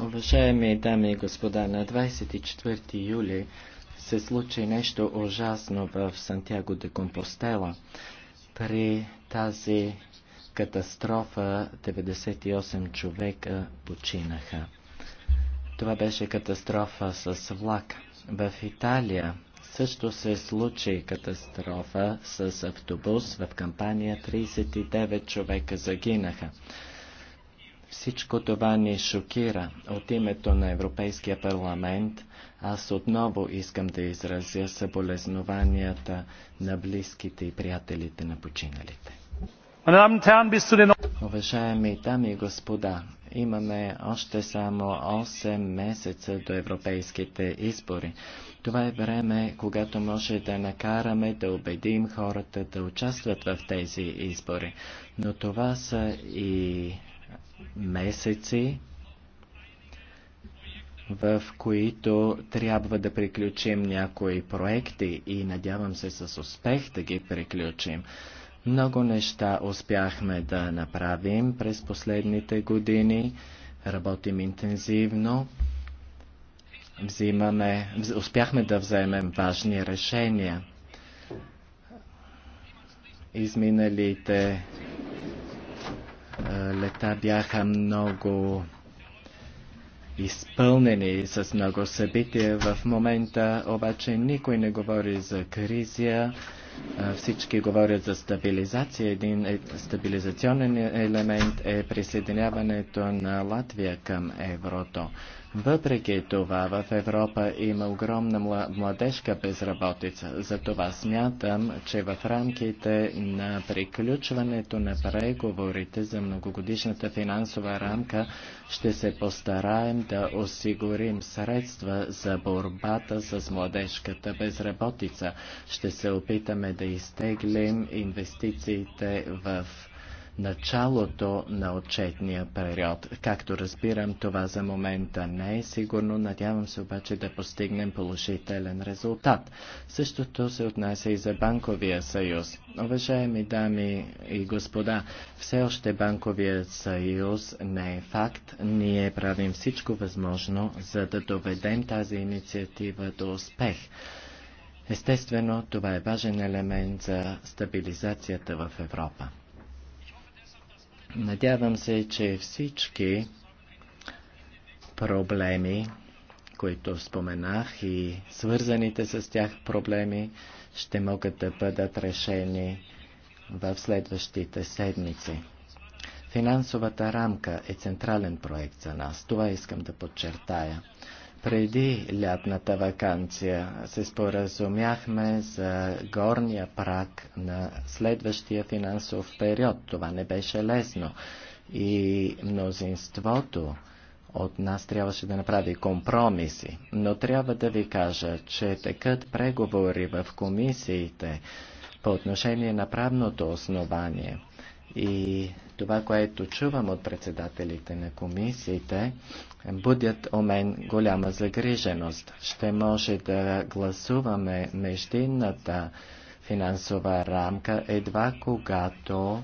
Уважаеми дами и господа, на 24 юли се случи нещо ужасно в Сантьяго де Компостела. При тази катастрофа 98 човека починаха. Това беше катастрофа с влак. В Италия също се случи катастрофа с автобус в кампания 39 човека загинаха. Всичко това ни шокира. От името на Европейския парламент аз отново искам да изразя съболезнованията на близките и приятелите на починалите. Уважаеми дами и господа, имаме още само 8 месеца до европейските избори. Това е време, когато може да накараме да убедим хората да участват в тези избори. Но това са и месеци, в които трябва да приключим някои проекти и надявам се с успех да ги приключим. Много неща успяхме да направим през последните години. Работим интензивно. Взимаме, успяхме да вземем важни решения. Изминалите лета бяха много изпълнени с много събития. В момента обаче никой не говори за кризия, всички говорят за стабилизация. Един е- стабилизационен елемент е присъединяването на Латвия към еврото. Въпреки това в Европа има огромна младежка безработица. Затова смятам, че в рамките на приключването на преговорите за многогодишната финансова рамка ще се постараем да осигурим средства за борбата с младежката безработица. Ще се опитаме искаме да изтеглим инвестициите в началото на отчетния период. Както разбирам, това за момента не е сигурно, надявам се обаче да постигнем положителен резултат. Същото се отнася и за банковия съюз. Уважаеми дами и господа, все още банковият съюз не е факт. Ние правим всичко възможно, за да доведем тази инициатива до успех. Естествено, това е важен елемент за стабилизацията в Европа. Надявам се, че всички проблеми, които споменах и свързаните с тях проблеми, ще могат да бъдат решени в следващите седмици. Финансовата рамка е централен проект за нас. Това искам да подчертая. Преди лятната вакансия се споразумяхме за горния прак на следващия финансов период. Това не беше лесно. И мнозинството от нас трябваше да направи компромиси. Но трябва да ви кажа, че текат преговори в комисиите по отношение на правното основание. И това, което чувам от председателите на комисиите, будят у мен голяма загриженост. Ще може да гласуваме междинната финансова рамка едва когато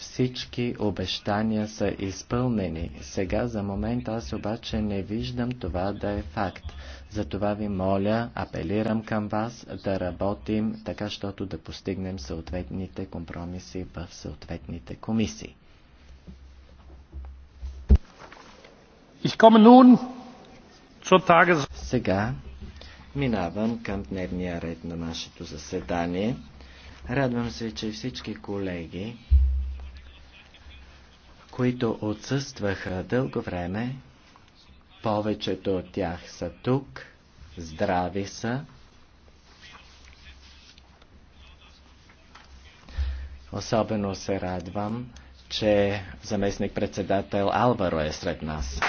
всички обещания са изпълнени. Сега за момент аз обаче не виждам това да е факт. Затова ви моля, апелирам към вас да работим така, щото да постигнем съответните компромиси в съответните комисии. Сега минавам към дневния ред на нашето заседание. Радвам се, че всички колеги които отсъстваха дълго време. Повечето от тях са тук, здрави са. Особено се радвам, че заместник-председател Алваро е сред нас.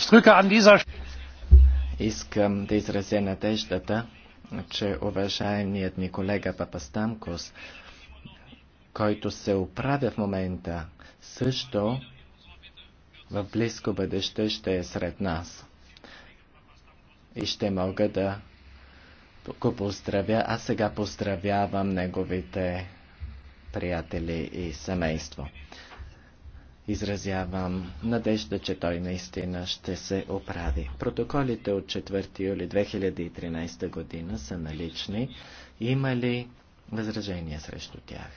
Ich drücke an dieser Искам да изразя надеждата, че уважаемият ми колега Стамкос, който се оправя в момента, също в близко бъдеще ще е сред нас. И ще мога да го поздравя. Аз сега поздравявам неговите приятели и семейство изразявам надежда, че той наистина ще се оправи. Протоколите от 4 юли 2013 година са налични. Има ли възражения срещу тях?